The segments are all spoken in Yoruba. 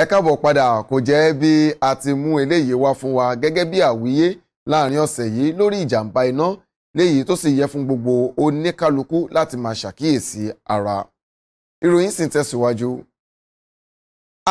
ẹ káàbọ̀ padà kò jẹ́ bí a ti mú eléyìí wá fún wa gẹ́gẹ́ bí àwíyé láàrin ọ̀sẹ̀ yìí lórí ìjàmbá iná léyìí tó sì yẹ fún gbogbo oníkálukú láti máa ṣàkíyèsí ara. ìròyìn sì ń tẹ̀síwájú.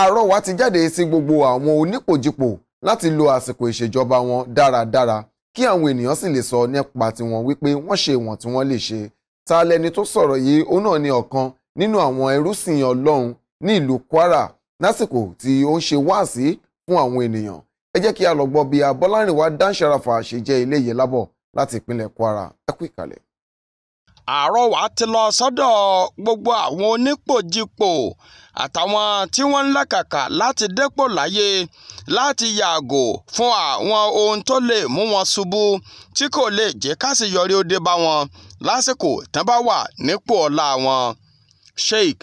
àrọwà ti jáde sí gbogbo àwọn onípòjìpò láti lo àsìkò ìṣèjọba wọn dáradára kí àwọn ènìyàn sì lè sọ nípa tiwọn wípé wọ́n ṣe ìwọ̀n tí wọ́n lè ṣe. ta lẹni tó sọ̀rọ̀ yìí òun náà ni ọ̀kan nínú àwọn ẹrúsìn Ọlọ́run ní ìlú Kwara lásìkò tí ó ń ṣe wáàsí fún àwọn ènìyàn ẹ jẹ́ kí a lọ gbọ́ bí abọ́lárìnwá dáńsáráfà ṣe jẹ́ iléyè lábọ̀ láti ìpínlẹ̀ Kwara ẹ kú ìkàlẹ̀. àrọwà ti lọ sọ́dọ̀ gbogbo àwọn onípòjìpò àtàwọn tí wọ́n ń làkàkà láti dépò láyé láti yàgò fún àwọn ohun tó lè mú wọn ṣubú tí kò lè jẹ́ káṣeyọrí ó dé bá wọn lásìkò tán bá wà nípò ọlá wọn. Sheikh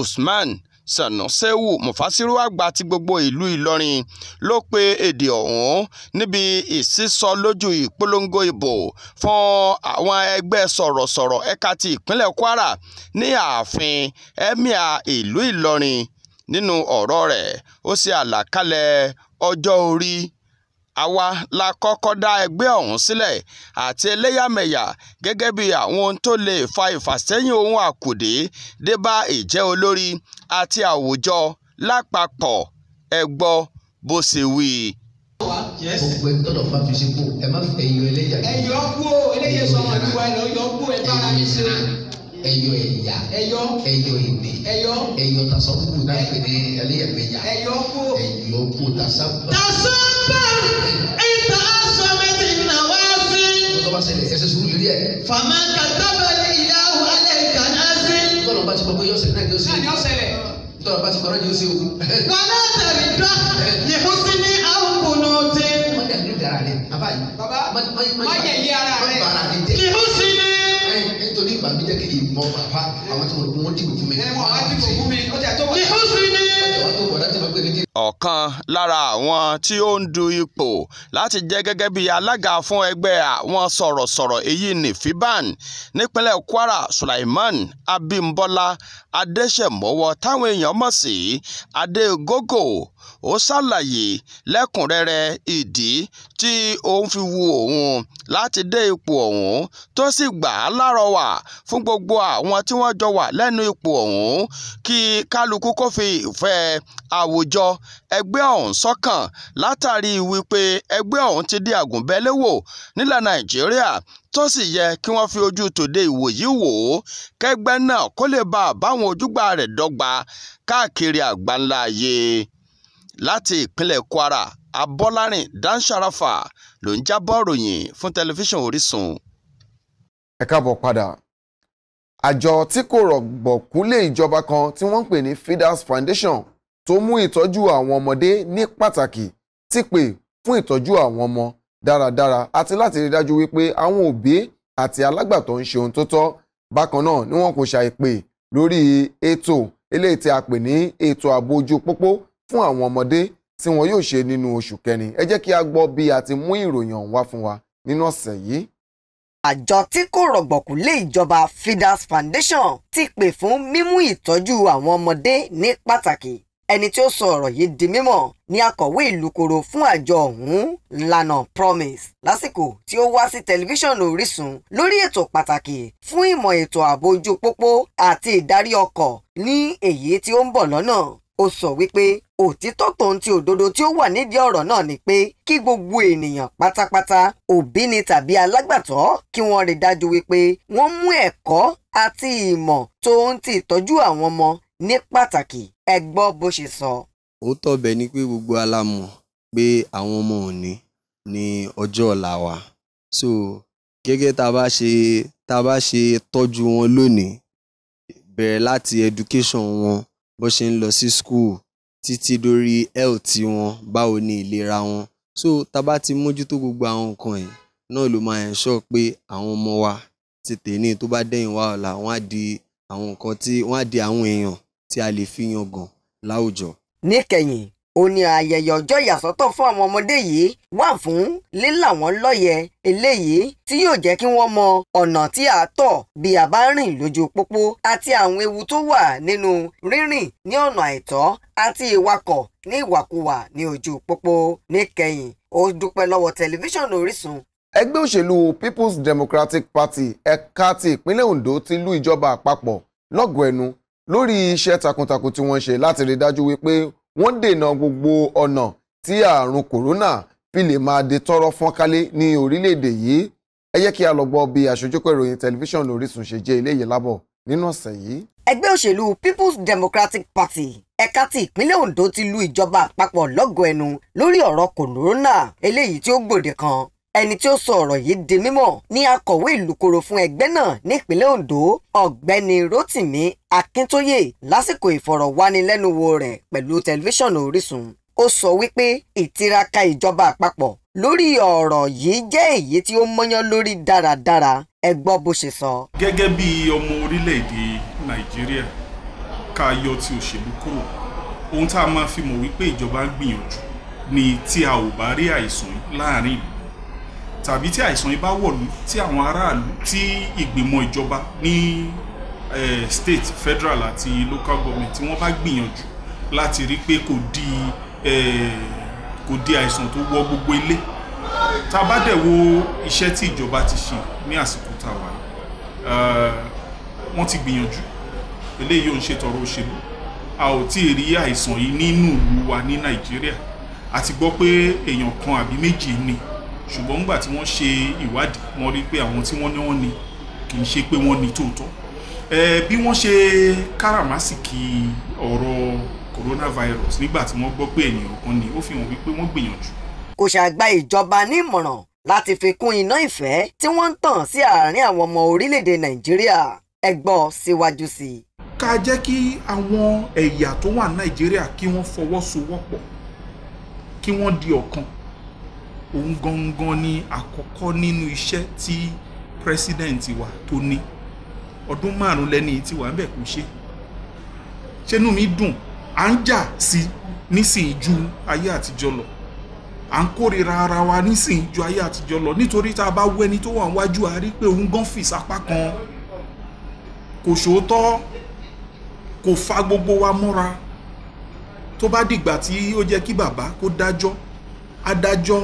Usman Sanusewu Mufasiru àgbà ti gbogbo ìlú Ìlọrin ló pe èdè ọ̀hún níbi ìsísọ lójú ìpolongo ìbò fún àwọn ẹgbẹ́ sọ̀rọ̀sọ̀rọ̀ ẹ̀ka ti ìpínlẹ̀ Kwara ní ààfin emir ìlú Ìlọrin nínú ọ̀rọ̀ rẹ̀ ó ṣe àlàkalẹ̀ ọjọ́ orí àwa la kọ́kọ́ dá ẹgbẹ́ ọ̀hún sílẹ̀ àti ẹlẹ́yàmẹ̀yà gẹ́gẹ́ bí àwọn ohun tó lè fa ìfàsẹ́yìn ohun àkùdé dé bá ìjẹ́ olórí àti àwùjọ lápapọ̀ ẹ bó ṣe wí. gbogbo ẹni tọ́lọ̀ fà fi ṣe kú ẹ má fẹ́ yọ ẹlẹ́yà. ẹ kú o eléyè sọmọ ìlú ẹ lọ yọ kú ẹ bára mi ṣe ẹyọ ẹ̀yà ẹyọ ẹyọ èdè ẹyọ ẹyọ tasọkù náà pè ní ẹlẹyàmẹyà ẹyọ kú ẹyọ kú tasọkù. tasọkù ìta asọmẹtì nàwa sí. ọ̀tọ̀ bá ẹsẹ̀ sùúrù lórí ẹ̀. fàmà kàtàbà ní ìyá wa alẹ́ ìkànnà sí. tọ́lọ̀ bá ti gbọ́ pé yọ ṣẹlẹ̀ náà yọ ṣẹlẹ̀. náà yọ ṣẹlẹ̀. tọ́lọ̀ bá ti gbọ́ náà yọ ṣẹlẹ̀ o. wọn náà tẹ̀lé dọ́ yẹ̀kúsí ní àwùkù náà tẹ. wọ́n bá mi jẹ́ kí ìmọ̀ bàbá àwọn tí mo rò pé wọ́n dìbò fún mi. ẹ wọ́n wá dìbò fún mi ó ti àtọ́wọ́. ní húsù ni. ọ̀kan lára àwọn tí ó ń du ipò láti jẹ́ gẹ́gẹ́ bí alága fún ẹgbẹ́ àwọn sọ̀rọ̀sọ̀rọ̀ èyí ni Fiban nípínlẹ̀ Kwara Sulaiman Abimbola adéṣemọwọ táwọn èèyàn mọ̀ sí adégogo ó ṣàlàyé lẹ́kùnrẹ́rẹ́ ìdí tí òun fi wu òun láti dé ipò ọ̀hún tó sì gbà á lárọ̀wà fún gbogbo àwọn tí wọ́n jọ wà lẹ́nu ipò ọ̀hún kí kálukú kó fi ìfẹ́ àwùjọ ẹgbẹ́ ọ̀hún sọ́kàn látàrí wípé ẹgbẹ́ ọ̀hún ti di àgùnbẹ́lẹ́wò nílẹ̀ nàìjíríà tó sì yẹ kí wọ́n fi ojú tòde ìwòyí wò ó kẹgbẹ́ náà kó lè bá àbáwọn ojúgbà rẹ̀ dọ́gba káàkiri àgbáńlá ayé láti ìpínlẹ̀ kwara abọ́lárìn dan sharafa ló ń jábọ̀ ròyìn fún tẹlifíṣàn orísun. ẹ káàbọ̀ padà àjọ tí kò rọ̀gbọ̀kú lé ìjọba kan tí wọ́n ń pè ní Fidas Foundation tó mú ìtọ́jú àwọn ọmọdé ní pàtàkì ti pè fún ìtọ́jú àwọn ọmọ dáradára àti láti rí dájú wípé àwọn òbí àti alágbàtọ́ ń ṣe ohun tó tọ́ bákan náà ni wọn kò ṣàìpè lórí ètò eléyìí tí a pè ní ètò ààbò ojú pópó fún àwọn ọmọdé tí wọn yóò ṣe nínú oṣù kẹrin ẹ jẹ́ kí a gbọ́ bí a ti mú ìròyìn ọ̀hún wá fún wa nínú ọ̀sẹ̀ yìí àjọ tí kò rọ̀gbọ̀kú lé ìjọba Fidas Foundation ti pè fún mímú ìtọ́jú àwọn ọmọdé ní pàtàkì ẹni tí ó sọ ọ̀rọ̀ yìí di mímọ̀ ní akọ̀wé ìlúkoro fún àjọ ọ̀hún Lana Promise lásìkò tí ó wá sí tẹlifíṣàn Orísun lórí ètò pàtàkì fún ìmọ̀ ètò ààbò ojú pópó àti ìdarí ọkọ̀ ní èyí tí ó ń bọ̀ lọ́nà ó sọ wípé òtítọ́ tòun ti òdodo tí ó wà nídìí ọ̀rọ̀ náà ni pé kí gbogbo ènìyàn pátápátá òbí ni tàbí alágbàtọ́ kí wọ́n rí dájú wípé wọ́n mú ẹ̀kọ́ àti ìmọ̀ tòun ti ìtọ́jú àwọn ọmọ ní pàtàkì ẹ gbọ́ bó ṣe sọ. òótọ́ bẹ̀ ni pé gbogbo alámọ̀ pé àwọn ọmọ òní ní ọjọ́ ọ̀la wa so gẹ́gẹ́ tá a bá ṣe tá a bá ṣe tọ́jú wọn lónìí bẹ̀rẹ̀ láti education wọn bó ṣe ń lọ sí school títí dórí health wọn báwo ni ìlera wọn so tá a bá ti mójútó gbogbo àwọn nǹkan yìí náà ló máa ensure pé àwọn ọmọ wa ti tèní tó bá dẹ̀yìn wá ọ̀la wọ́n á di àwọn nǹkan tí wọ́n á di àwọn èèyàn tí a lè fi yangàn láwùjọ. níkẹyìn ó ní ayẹyẹ ọjọ́ ìyàsọ́tọ̀ fún àwọn ọmọdé yìí wà fún lílà wọ́n eléyìí tí yóò jẹ́ kí wọ́n mọ ọ̀nà tí a tọ̀ bí a bá rìn lójú pópó àti àwọn ewu tó wà nínú rírìn ní ọ̀nà àìtọ́ àti ìwakọ̀ ní ìwàkuwà ní ojú pópó níkẹyìn ó dúpẹ́ lọ́wọ́ tẹlifíṣàn Orísun ẹgbẹ́ òṣèlú People's Democratic Party ẹ̀ka ti ìpínlẹ̀ Ondo ti lù ìjọba àpapọ̀ lọ́gọ̀ọ́ ẹnu lórí iṣẹ́ takuntakun tí wọ́n ṣe láti rí dájú wípé wọ́n dènà gbogbo ọ̀nà tí àrùn kòrónà fi lè máa di tọ́rọ́ fọ́nkálé ní orílẹ̀-èdè yìí ẹ jẹ́ kí a lọ gbọ́ bí àṣojúkọ̀ ìròyìn tẹlifíṣàn Orísun ṣe jẹ́ eléyìí lábọ̀ nínú ọ̀sẹ̀ yìí. ẹgbẹ́ òṣèlú People's Democratic Party ẹ̀ka ti ìpínlẹ̀ Ondo ti lu ìjọba àpapọ̀ lọ́gọ̀ọ́ ẹnu lórí ọ̀rọ̀ kòrónà eléyìí tí ó gbòde kan ẹni tí ó sọ ọ̀rọ̀ yìí di mímọ̀ ní akọ̀wé ìlúkoro fún ẹgbẹ́ náà nípínlẹ̀ Ondo ọ̀gbẹ́ni Rótìmí Akíntóyè lásìkò ìfọ̀rọ̀wánilẹ́nuwò rẹ̀ pẹ̀lú tẹlifíṣàn Orísun ó sọ wípé ìtiraka ìjọba àpapọ̀ lórí ọ̀rọ̀ yìí jẹ́ èyí tí ó mọ́yán lórí dáradára ẹ gbọ́ bó ṣe sọ. gẹ́gẹ́ bí ọmọ orílẹ̀-èdè Nàìjíríà ká yọ ti òṣèlú kúrò ohun tá a máa fi mọ̀ wípé ìjọba ń gbìyànjú ni tí a ò bá rí àìsàn láàrin ìlú tàbí tí àìsàn yìí bá wọ̀lú tí àwọn aráàlú tí ìgbìmọ̀ ìjọba ní state federal àti local government tí wọ́n bá gbìyànjú láti rí pé kò di kò di àìsàn tó wọ gbogbo ilé tá a bá dẹ̀ wo iṣẹ́ tí ìjọba ti ṣe ní àsìkò tá a wà wọ́n ti gbìyànjú eléyìí ò ń ṣètọrọ òṣèlú a ò tí ì rí àìsàn yìí nínú ìlú wa ní nàìjíríà a gbọ́ pé èèyàn kan àbí méjì ni ṣùgbọ́n nígbà tí wọ́n ṣe ìwádìí wọ́n rí pé àwọn tí wọ́n ní wọ́n ní kì í ṣe pé wọ́n ní tòótọ́ bí wọ́n ṣe káràmásìkì ọ̀rọ̀ coronavirus nígbà tí wọ́n gbọ́ pé ènìyàn kan ní ó fi hàn wípé wọ́n gbìyànjú. kò ṣàgbà ìjọba ní ìmọ̀ràn láti fi kún iná ìfẹ́ tí wọ́n ń tàn sí àárín àwọn ọmọ orílẹ̀-èdè nàìjíríà ẹ gbọ́ síwájú sí i. ká jẹ́ kí àwọn ẹ̀yà tó wà nàìjíríà kí wọ́n fọwọ́sowọ́pọ̀ kí wọ́n di ọ̀kan òun gangan ni àkọ́kọ́ nínú iṣẹ́ tí president wa tó ní ọdún márùn lẹ́ni tí wà ń bẹ̀ kó ṣe ṣẹ́nu mi dùn à ń jà sí nísìnyí ju ayé àtijọ́ lọ à ń kórira ara wa nísìnyí ju ayé àtijọ́ lọ nítorí tá a bá wọ ẹni tó wà níwájú a rí pé òun gan fìs apá kan kò ṣòótọ́ kò fa gbogbo wa mọ́ra tó bá dìgbà tí ó jẹ́ kí bàbá kó dájọ́ adájọ́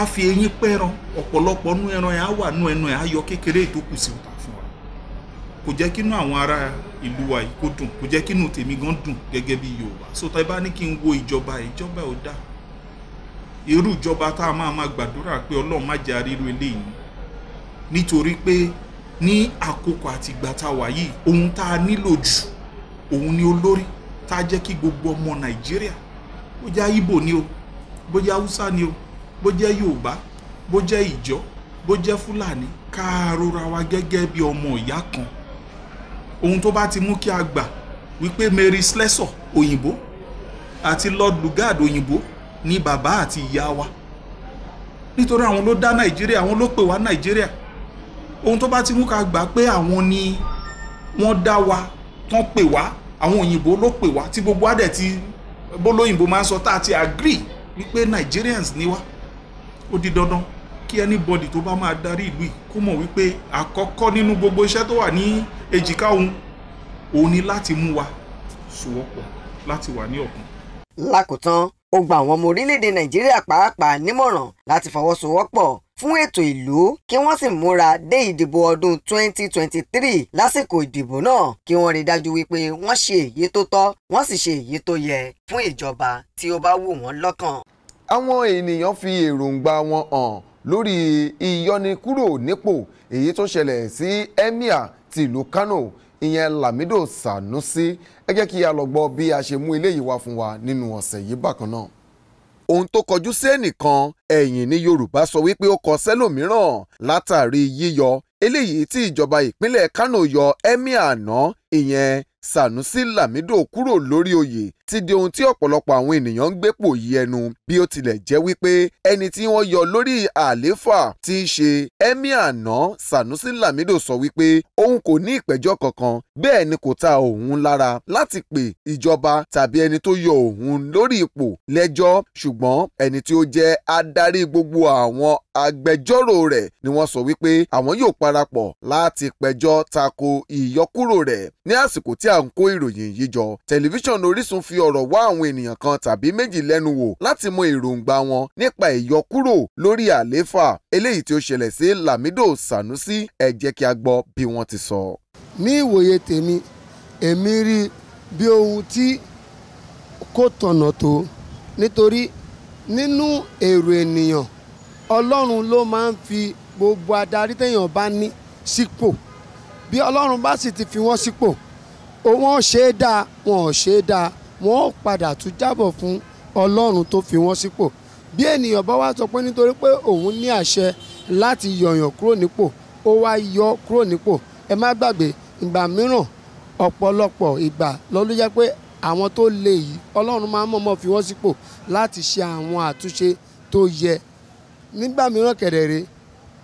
a fi eyín pẹ́ran ọ̀pọ̀lọpọ̀ nú ẹran yẹn á wà nú ẹnu ẹ̀ á yọ kékeré tó kù sí òtà fún wa kò jẹ́ kínú àwọn ará ìlú wa yìí kó dùn kò jẹ́ kínú tèmi gan dùn gẹ́gẹ́ bí yorùbá so ẹ bá ní kí n wo ìjọba ìjọba ò dáa irú ìjọba tá a máa máa gbàdúrà pé ọlọ́run má jẹ́ aríru eléyìí nítorí pé ní àkókò àtìgbà tá a wà yìí ohun tá a nílò jù òun ni olórí tá a jẹ́ kí gbogbo ọmọ nàìjíríà bóyá ibo ni o bóyá haúsá ni o bó jẹ́ yorùbá bó jẹ́ ìjọ bó jẹ́ fúlàní ká wa gẹ́gẹ́ bí ọmọ ìyá kan ohun tó bá ti mú kí a gbà wípé Mary Slessor òyìnbó àti Lord Lugard òyìnbó ni bàbá àti ìyá wa nítorí àwọn ló dá nàìjíríà àwọn ló pè wá nàìjíríà ohun tó bá ti mú ká gbà pé àwọn ni wọ́n dá wa tán pè wá àwọn òyìnbó ló pè wá tí gbogbo adẹ̀ ti bólóyìnbó máa ń sọ tá a ti agree wípé Nigerians ni wá. Ni ó di dandan kí anybody tó bá máa darí ìlú yìí kó mọ̀ wípé àkọ́kọ́ nínú gbogbo iṣẹ́ tó wà ní èjìká òun òun ni láti mú wa sowọ́pọ̀ láti wà ní ọ̀kan. lákòótán ó gba àwọn ọmọ orílẹ̀-èdè nàìjíríà pàápàá nímọ̀ràn láti fọwọ́sowọ́pọ̀ fún ètò ìlú kí wọ́n sì múra dé ìdìbò ọdún 2023 lásìkò ìdìbò náà kí wọ́n rí dájú wípé wọ́n ṣe èyí tó tọ́ wọ́n sì ṣe èyí tó yẹ fún ìjọba tí ó bá wù wọ́n lọ́kàn àwọn ènìyàn fi èròǹgbà wọn hàn lórí ìyọnikúrò nípò èyí tó ṣẹlẹ̀ sí emir tìlú Kano ìyẹn Lamido Sanusi ẹ jẹ́ kí a lọ gbọ́ bí a ṣe mú eléyìí wá fún wa nínú ọ̀sẹ̀ yìí bákan náà ohun tó kọjú sí ẹnìkan ẹ̀yìn ni Yorùbá sọ wípé ó kọ sẹ́lòmíràn látàrí yíyọ eléyìí tí ìjọba ìpínlẹ̀ Kano yọ emir àná ìyẹn Sanusi Lamido kúrò lórí oyè ti di ohun tí ọ̀pọ̀lọpọ̀ àwọn ènìyàn ń gbépò yí ẹnu bí ó tilẹ̀ jẹ́ wípé ẹni tí wọ́n yọ lórí àlééfà tí í ṣe ẹ̀mí àná Sanusi Lamido sọ wípé òun kò ní ìpẹ́jọ́ kankan bẹ́ẹ̀ ni kò ta òun lára láti pè ìjọba tàbí ẹni tó yọ òun lórí ipò lẹ́jọ́ ṣùgbọ́n ẹni tí ó jẹ́ adarí gbogbo àwọn agbẹjọ́rò rẹ̀ ni wọ́n sọ wípé àwọn yóò parapọ̀ láti pẹjọ́ tako ìyọkúrò rẹ̀ ní àsìkò tí à ń kó ìròyìn yìí jọ tẹlifíṣàn Orísun fi ọ̀rọ̀ wá àwọn ènìyàn kan tàbí méjì lẹ́nu wò láti mọ èròǹgbà wọn nípa ìyọkúrò lórí àlééfà eléyìí tí ó ṣẹlẹ̀ sí Lamido Sanusi ẹ jẹ́ kí a gbọ́ bí wọ́n ti sọ. ní ìwòye tèmi èmi rí bí ohun tí kò tọ̀nà tó nítorí nínú èrò ènìyàn ọlọ́run ló máa ń fi gbogbo adarí téèyàn bá ní sípò. Si bí ọlọ́run bá sì ti fi wọ́n sípò wọ́n ṣe é dáa wọn ò ṣe é dáa wọn ò padà tún jábọ̀ fún ọlọ́run tó fi wọ́n sípò bí ènìyàn bá wá sọ pé nítorí pé òun ní àṣẹ láti yọ̀yàn kúrò nípò ó wá yọ kúrò nípò ẹ má gbàgbé ìgbà mìíràn ọ̀pọ̀lọpọ̀ ìgbà lọ́dún jẹ́ pé àwọn tó lè yìí ọlọ́run máa ń mọ̀ọ́mọ̀ fi wọ́n sípò láti ṣe àwọn àtúnṣe tó yẹ nígbà mìíràn kẹ̀dẹ̀rẹ́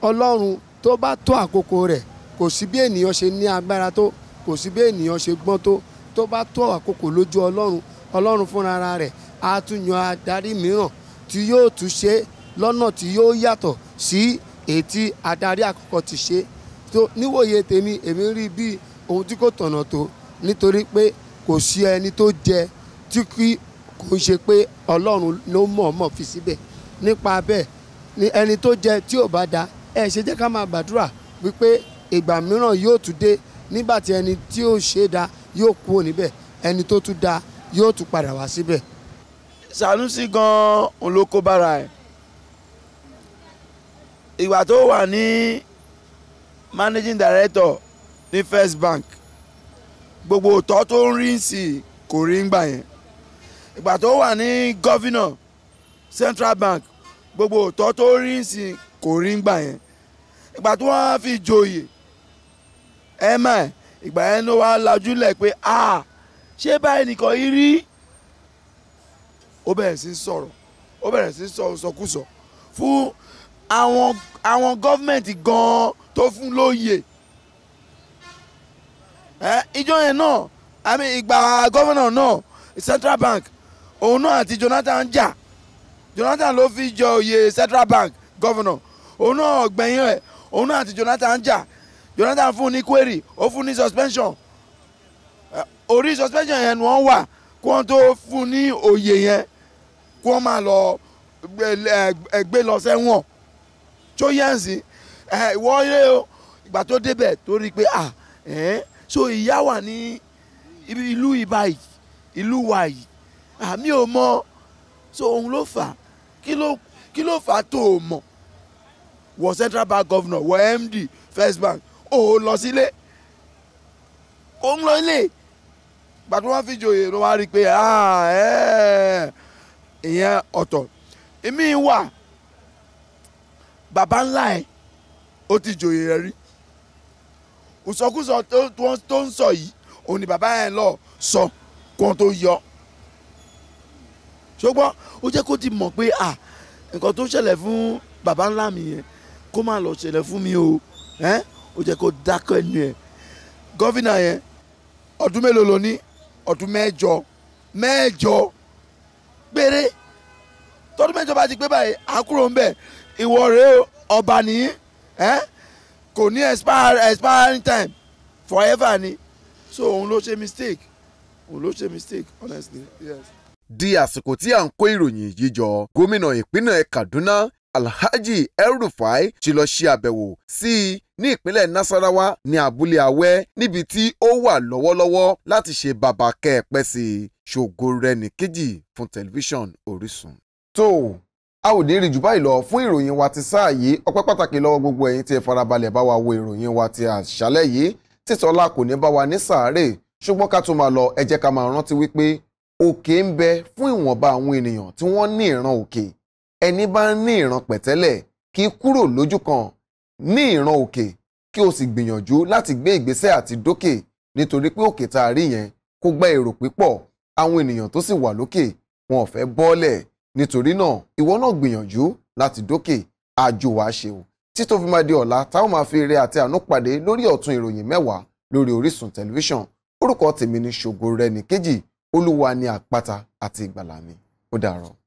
ọlọ́run tó bá tó àkókò rẹ̀ kò sí bí ènìyàn ṣe ní agbára tó kò sí bí ènìyàn ṣe gbọ́n tó tó bá tó àkókò lójú ọlọ́run ọlọ́run fúnra rẹ̀ á tún yan adarí mìíràn tí yóò tún ṣe lọ́nà tí yóò yàtọ̀ sí ètí adarí àkọ́kọ́ ti ṣe tó níwòye tèmi èmi rí bí ohun tí kò tọ̀nà tó nítorí pé kò sí ẹni tó jẹ tí kì kò ṣe pé ọlọ́run ló mọ̀ọ́mọ̀ fi síbẹ̀ nípa bẹ́ẹ̀ ni ẹni tó jẹ tí ò bá da ẹ ṣe jẹ́ ká máa gbàdúrà wípé ìgbà mìíràn yóò tún dé nígbà tí ẹni tí ó ṣe dáa yóò kúrò níbẹ̀ ẹni tó tún dáa yóò tún padà wá síbẹ̀. Sanusi gan òun ló kó bára ẹ̀ ìgbà tó wà ní managing director ní First Bank gbogbo òtọ́ tó ń rí sí kò rí ngbà yẹn ìgbà tó wà ní governor Central Bank gbogbo òtọ́ tó rí sí kò rí ngbà yẹn ìgbà tó wọ́n fi joyè ẹ mọ̀ ìgbà yẹn ló wá lajú lẹ̀ pé a ṣé báyìí nìkan yìí rí ó bẹ̀rẹ̀ sí sọ̀rọ̀ ó bẹ̀rẹ̀ sí sọ sọkúsọ fún àwọn àwọn gọ́fìmẹ̀ntì gan-an tó fún lóye ẹ ìjọ yẹn náà àmì ìgbà gọ́fìnà náà central bank òun náà àti Jonathan jà Jonathan ló fi jọ oyè central bank gọ́fìnà òun náà gbẹ̀yìn rẹ̀ òun náà àti Jonathan jà Jonathan fún ní query ó fún ní suspension orí suspension yẹn ni wọ́n wà kí wọ́n tó fún ní òye yẹn kí wọ́n máa lọ gbé lọ sẹ́wọ̀n tó yẹnsì ìwọ ilé o ìgbà tó débẹ̀ tó rí i pé à so ìyá wà ní ìlú ìbá yìí ìlú wa yìí àmì ò mọ so òun ló fà kí ló fà tó o mọ̀ wọ central bank governor wọ md first bank ò lọ sílé kò ń lọ ilé ìgbà tí wọ́n fi joyè ló wá rí i pé ah, eh, ìyẹn ọ̀tọ̀ èmi wà bàbá ńlá ẹ̀ ó ti joyè rẹ̀ rí ìsọkúsọ tó ń sọ yìí òun ni bàbá yẹn lọ sọ kó tó yọ ṣùgbọ́n ó jẹ́ kó ti mọ̀ pé à nǹkan tó ṣẹlẹ̀ fún bàbá ńlá mi yẹn kó má lọ ṣẹlẹ̀ fún mi o ẹ́ ó jẹ́ kó dákẹ́ ẹnu ẹ̀ gọ́fìnà yẹn ọdún mélòó ló ní ọdún mẹ́jọ mẹ́jọ péré tọdún mẹ́jọ bá ti pé báyìí àkúrò ń bẹ ìwọ rèé ọba nìyí ẹ kò ní expiring time forever ni so òun ló ṣe mistake òun ló ṣe mistake honestly yes. di àsìkò tí à ń kó ìròyìn yìí jọ gómìnà ìpínlẹ̀ Kaduna Alhaji El-Rufai ti lọ ṣe àbẹ̀wò sí i ní ìpínlẹ̀ Nasarawa ní abúlé Awẹ́ níbi tí ó wà lọ́wọ́lọ́wọ́ láti ṣe bàbá kẹ́ẹ̀pẹ́ sí i ṣògo rẹ̀ nìkejì fún tẹlifíṣàn Orísun. tó o a ò ní rí jù báyìí lọ fún ìròyìn wa ti sáà yìí ọpẹ́ pàtàkì lọ́wọ́ gbogbo ẹ̀yin tí ẹ farabalẹ̀ bá wa wo ìròyìn wa ti àṣálẹ́ yìí títọ́lá kò ní bá wa ní sàárè ṣùgbọ́n ká tó máa lọ ẹ jẹ́ ká máa rántí wípé òkè ń bẹ fún ìwọ̀nba àwọn ènìyàn tí wọ́n ní ìran òkè ẹni bá ń ní ìran pẹ̀tẹ́lẹ̀ kí kúrò lójú kan ní ìran òkè kí o sì gbìyànjú láti gbé ìgbésẹ̀ àti dókè nítorí pé òkè tá a rí yẹn kó gba èrò pípọ̀ àwọn ènìyàn tó sì wà lókè wọn ò fẹ́ bọ́ọ̀lẹ̀ nítorí náà ìwọ náà gbìyànjú láti dókè àjò wa ṣe o fi máa di ọ̀la táwọn máa fi eré àti àánú pàdé lórí ọ̀tún ìròyìn mẹ́wàá lórí Orísun tẹlifíṣàn orúkọ tèmi ni ṣògo rẹ nìkejì olúwa ni àpáta àti ìgbàlà mi ó dàárọ̀.